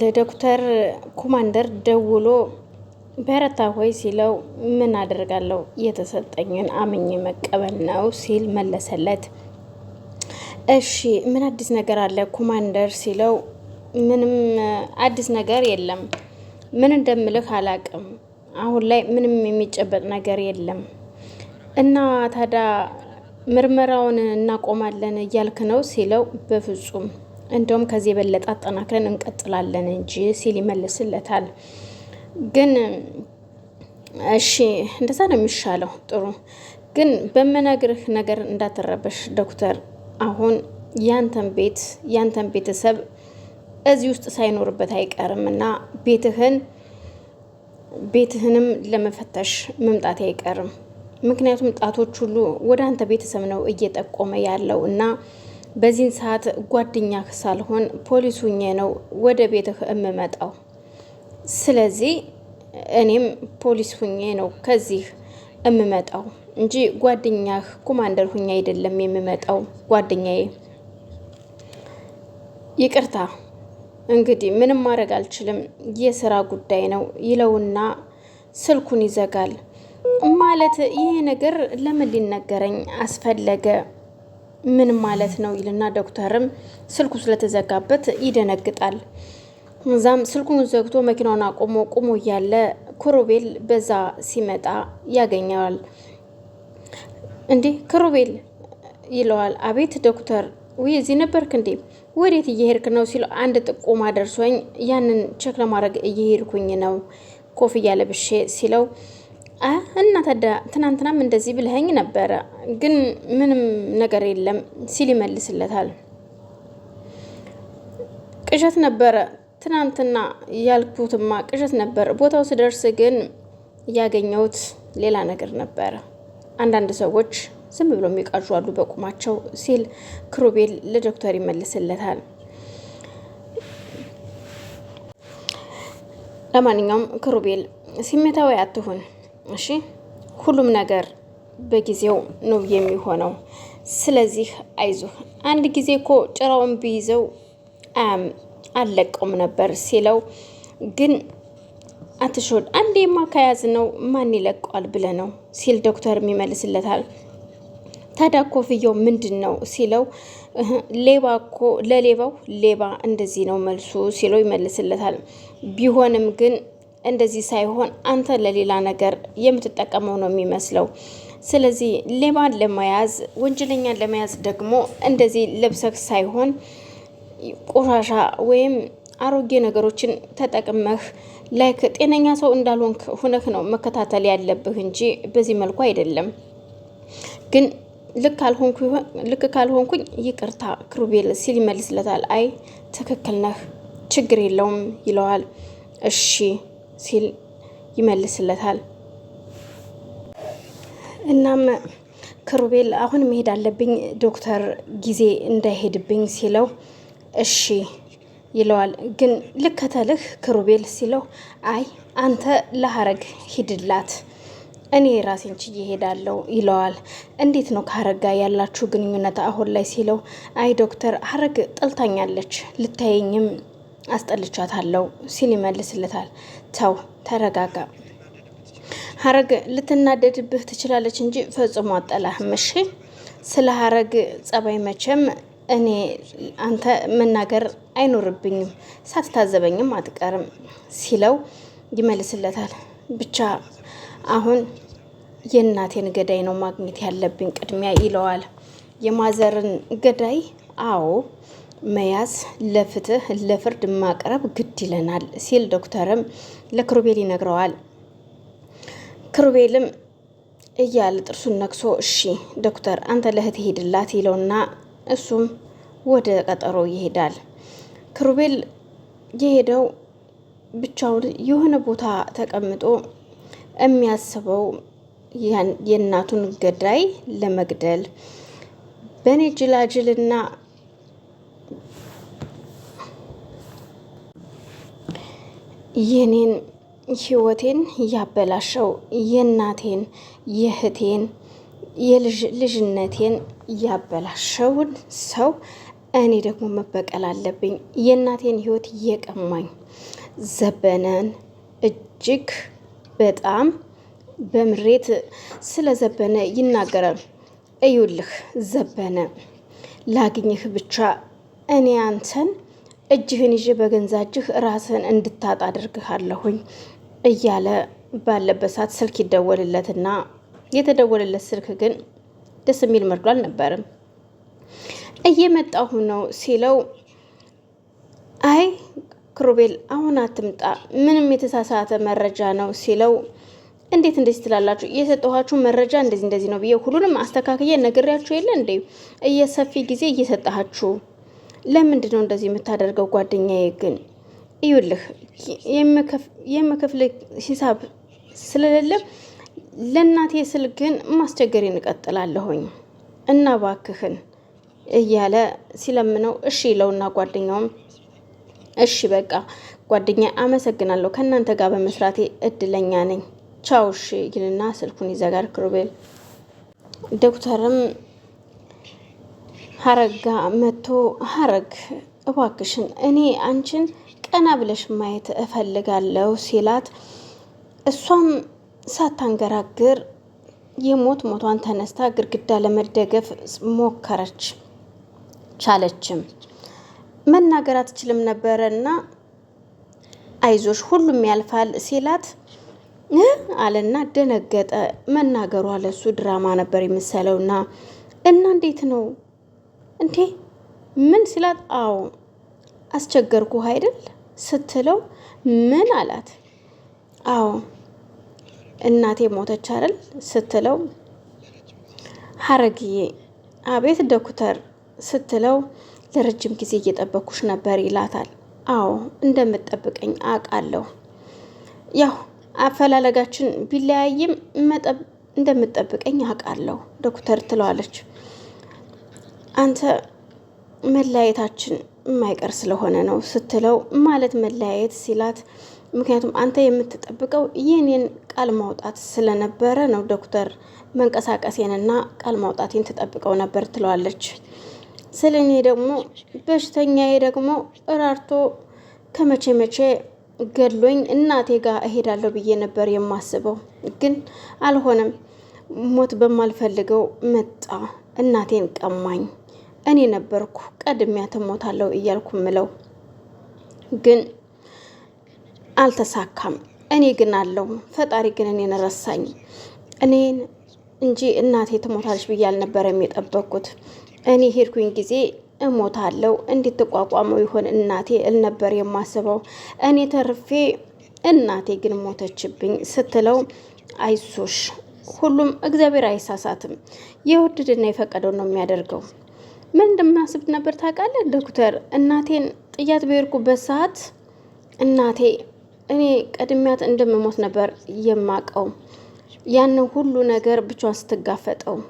ለዶክተር ኮማንደር ደውሎ በረታ ሆይ ሲለው ምን አደርጋለሁ የተሰጠኝን አምኜ መቀበል ነው ሲል መለሰለት። እሺ ምን አዲስ ነገር አለ ኮማንደር ሲለው ምንም አዲስ ነገር የለም፣ ምን እንደምልህ አላቅም። አሁን ላይ ምንም የሚጨበጥ ነገር የለም እና ታዲያ ምርመራውን እናቆማለን እያልክ ነው ሲለው በፍጹም እንደውም ከዚህ የበለጠ አጠናክረን እንቀጥላለን እንጂ ሲል ይመልስለታል። ግን እሺ እንደዛ ነው የሚሻለው። ጥሩ ግን በምነግርህ ነገር እንዳትረበሽ ዶክተር። አሁን ያንተን ቤት ያንተን ቤተሰብ እዚህ ውስጥ ሳይኖርበት አይቀርም እና ቤትህን ቤትህንም ለመፈተሽ መምጣት አይቀርም። ምክንያቱም ጣቶች ሁሉ ወደ አንተ ቤተሰብ ነው እየጠቆመ ያለው እና በዚህን ሰዓት ጓደኛህ ሳልሆን ፖሊስ ነው ወደ ቤትህ እምመጣው። ስለዚህ እኔም ፖሊስ ሁኜ ነው ከዚህ እምመጣው እንጂ ጓደኛህ ኮማንደር ሁኜ አይደለም የምመጣው። ጓደኛዬ ይቅርታ እንግዲህ ምንም ማድረግ አልችልም፣ የስራ ጉዳይ ነው ይለውና ስልኩን ይዘጋል። ማለት ይሄ ነገር ለምን ሊነገረኝ አስፈለገ? ምን ማለት ነው ይልና ዶክተርም ስልኩ ስለተዘጋበት ይደነግጣል። እዛም ስልኩን ዘግቶ መኪናውን አቆሞ ቁሞ እያለ ክሩቤል በዛ ሲመጣ ያገኘዋል። እንዴ ክሩቤል ይለዋል። አቤት ዶክተር፣ ውይ እዚህ ነበርክ እንዴ? ወዴት እየሄድክ ነው ሲለው አንድ ጥቆማ ደርሶኝ ያንን ቼክ ለማድረግ እየሄድኩኝ ነው ኮፍያ ለብሼ ሲለው እና ታዲያ ትናንትናም እንደዚህ ብለኸኝ ነበረ፣ ግን ምንም ነገር የለም ሲል ይመልስለታል። ቅዠት ነበረ ትናንትና ያልኩትማ ቅዠት ነበር። ቦታው ስደርስ ግን ያገኘሁት ሌላ ነገር ነበረ። አንዳንድ ሰዎች ዝም ብሎ የሚቃዡ አሉ በቁማቸው ሲል ክሩቤል ለዶክተር ይመልስለታል። ለማንኛውም ክሩቤል ስሜታዊ አትሁን እሺ ሁሉም ነገር በጊዜው ነው የሚሆነው። ስለዚህ አይዞህ፣ አንድ ጊዜ እኮ ጭራውን ቢይዘው አለቀውም ነበር ሲለው ግን አትሾድ አንዴማ ከያዝ ነው ማን ይለቀዋል ብለ ነው ሲል ዶክተርም ይመልስለታል። ታዲያ ኮፍያው ምንድን ነው ሲለው ሌባ እኮ ለሌባው ሌባ እንደዚህ ነው መልሱ ሲለው ይመልስለታል። ቢሆንም ግን እንደዚህ ሳይሆን አንተ ለሌላ ነገር የምትጠቀመው ነው የሚመስለው። ስለዚህ ሌባን ለመያዝ ወንጀለኛን ለመያዝ ደግሞ እንደዚህ ለብሰህ ሳይሆን ቆሻሻ ወይም አሮጌ ነገሮችን ተጠቅመህ ላይክ ጤነኛ ሰው እንዳልሆንክ ሁነህ ነው መከታተል ያለብህ እንጂ በዚህ መልኩ አይደለም። ግን ልክ ካልሆንኩኝ ይቅርታ ክሩቤል ሲል ይመልስለታል። አይ ትክክል ነህ፣ ችግር የለውም ይለዋል። እሺ ሲል ይመልስለታል። እናም ክሩቤል አሁን መሄድ አለብኝ ዶክተር ጊዜ እንዳይሄድብኝ ሲለው እሺ ይለዋል። ግን ልከተልህ ክሩቤል ሲለው አይ አንተ ለሀረግ ሂድላት እኔ ራሴን ችዬ እሄዳለሁ ይለዋል። እንዴት ነው ከሀረግ ጋር ያላችሁ ግንኙነት አሁን ላይ ሲለው አይ ዶክተር ሀረግ ጠልታኛለች ልታየኝም አስጠልቻታለሁ ሲል ይመልስለታል። ተው ተረጋጋ፣ ሀረግ ልትናደድብህ ትችላለች እንጂ ፈጽሞ አጠላህም። እሺ ስለ ሀረግ ጸባይ መቼም እኔ አንተ መናገር አይኖርብኝም፣ ሳትታዘበኝም አትቀርም ሲለው ይመልስለታል። ብቻ አሁን የእናቴን ገዳይ ነው ማግኘት ያለብኝ ቅድሚያ ይለዋል። የማዘርን ገዳይ? አዎ መያዝ ለፍትህ ለፍርድ ማቅረብ ግድ ይለናል ሲል ዶክተርም ለክሩቤል ይነግረዋል። ክሩቤልም እያለ ጥርሱን ነክሶ እሺ ዶክተር አንተ ለእህት ሄድላት ይለውና እሱም ወደ ቀጠሮ ይሄዳል። ክሩቤል የሄደው ብቻውን የሆነ ቦታ ተቀምጦ የሚያስበው የእናቱን ገዳይ ለመግደል በኔ ጅላጅልና የኔን ህይወቴን እያበላሸው የእናቴን የእህቴን የልጅነቴን እያበላሸውን ሰው እኔ ደግሞ መበቀል አለብኝ። የእናቴን ህይወት እየቀማኝ ዘበነን እጅግ በጣም በምሬት ስለ ዘበነ ይናገራል። እዩልህ ዘበነ ላግኝህ ብቻ እኔ አንተን እጅህን ይዤ በገንዛጅህ ራስህን እንድታጣ አድርግሃለሁኝ እያለ ባለበት ሰዓት ስልክ ይደወልለትና የተደወለለት ስልክ ግን ደስ የሚል መርዶ አልነበርም። እየመጣሁ ነው ሲለው አይ ክሩቤል አሁን አትምጣ፣ ምንም የተሳሳተ መረጃ ነው ሲለው እንዴት እንደዚህ ትላላችሁ? እየሰጠኋችሁ መረጃ እንደዚህ እንደዚህ ነው ብዬ ሁሉንም አስተካክዬ ነግሬያችሁ የለ እንዴ? እየሰፊ ጊዜ እየሰጣችሁ ለምንድን ነው እንደዚህ የምታደርገው? ጓደኛዬ ግን እዩልህ የምከፍል ሂሳብ ስለሌለ ለእናቴ ስል ግን ማስቸገር እንቀጥላለሁኝ እና ባክህን እያለ ሲለምነው እሺ ይለውና ጓደኛውም እሺ በቃ ጓደኛ አመሰግናለሁ፣ ከእናንተ ጋር በመስራቴ እድለኛ ነኝ፣ ቻው እሺ ይልና ስልኩን ይዘጋል። ክሩቤል ዶክተርም ሀረግ ጋ መጥቶ ሀረግ እባክሽን እኔ አንቺን ቀና ብለሽ ማየት እፈልጋለሁ ሲላት እሷም ሳታንገራግር የሞት ሞቷን ተነስታ ግድግዳ ለመደገፍ ሞከረች። ቻለችም መናገር አትችልም ነበረ እና አይዞሽ ሁሉም ያልፋል ሲላት አለና ደነገጠ። መናገሯ ለሱ ድራማ ነበር የምሰለውና እና እንዴት ነው እንዴ ምን ሲላት፣ አዎ አስቸገርኩ አይደል ስትለው፣ ምን አላት? አዎ እናቴ ሞተች አይደል ስትለው፣ ሀረግዬ አቤት ዶክተር ስትለው፣ ለረጅም ጊዜ እየጠበኩሽ ነበር ይላታል። አዎ እንደምትጠብቀኝ አውቃለሁ። ያው አፈላለጋችን ቢለያይም እንደምትጠብቀኝ አውቃለሁ ዶክተር ትለዋለች። አንተ መለያየታችን የማይቀር ስለሆነ ነው ስትለው፣ ማለት መለያየት ሲላት፣ ምክንያቱም አንተ የምትጠብቀው የኔን ቃል ማውጣት ስለነበረ ነው ዶክተር መንቀሳቀሴንና ቃል ማውጣቴን ትጠብቀው ነበር ትለዋለች። ስለ እኔ ደግሞ በሽተኛዬ ደግሞ እራርቶ ከመቼ መቼ ገድሎኝ እናቴ ጋር እሄዳለሁ ብዬ ነበር የማስበው፣ ግን አልሆነም። ሞት በማልፈልገው መጣ፣ እናቴን ቀማኝ እኔ ነበርኩ ቀድሚያ ሞታለሁ እያልኩ ምለው ግን አልተሳካም። እኔ ግን አለው ፈጣሪ ግን እኔን ረሳኝ። እኔን እንጂ እናቴ ትሞታለች ብዬ አልነበረም የጠበቅኩት። እኔ ሄድኩኝ ጊዜ እሞታለሁ እንዴት ተቋቋመው ይሆን እናቴ እልነበር የማስበው። እኔ ተርፌ እናቴ ግን ሞተችብኝ ስትለው አይሶሽ ሁሉም እግዚአብሔር አይሳሳትም፣ የወደደና የፈቀደው ነው የሚያደርገው ምን እንደማስብ ነበር ታውቃለህ ዶክተር? እናቴን ጥያት በሄድኩበት ሰዓት እናቴ እኔ ቀድሚያት እንደምሞት ነበር የማቀው ያንን ሁሉ ነገር ብቻዋን ስትጋፈጠው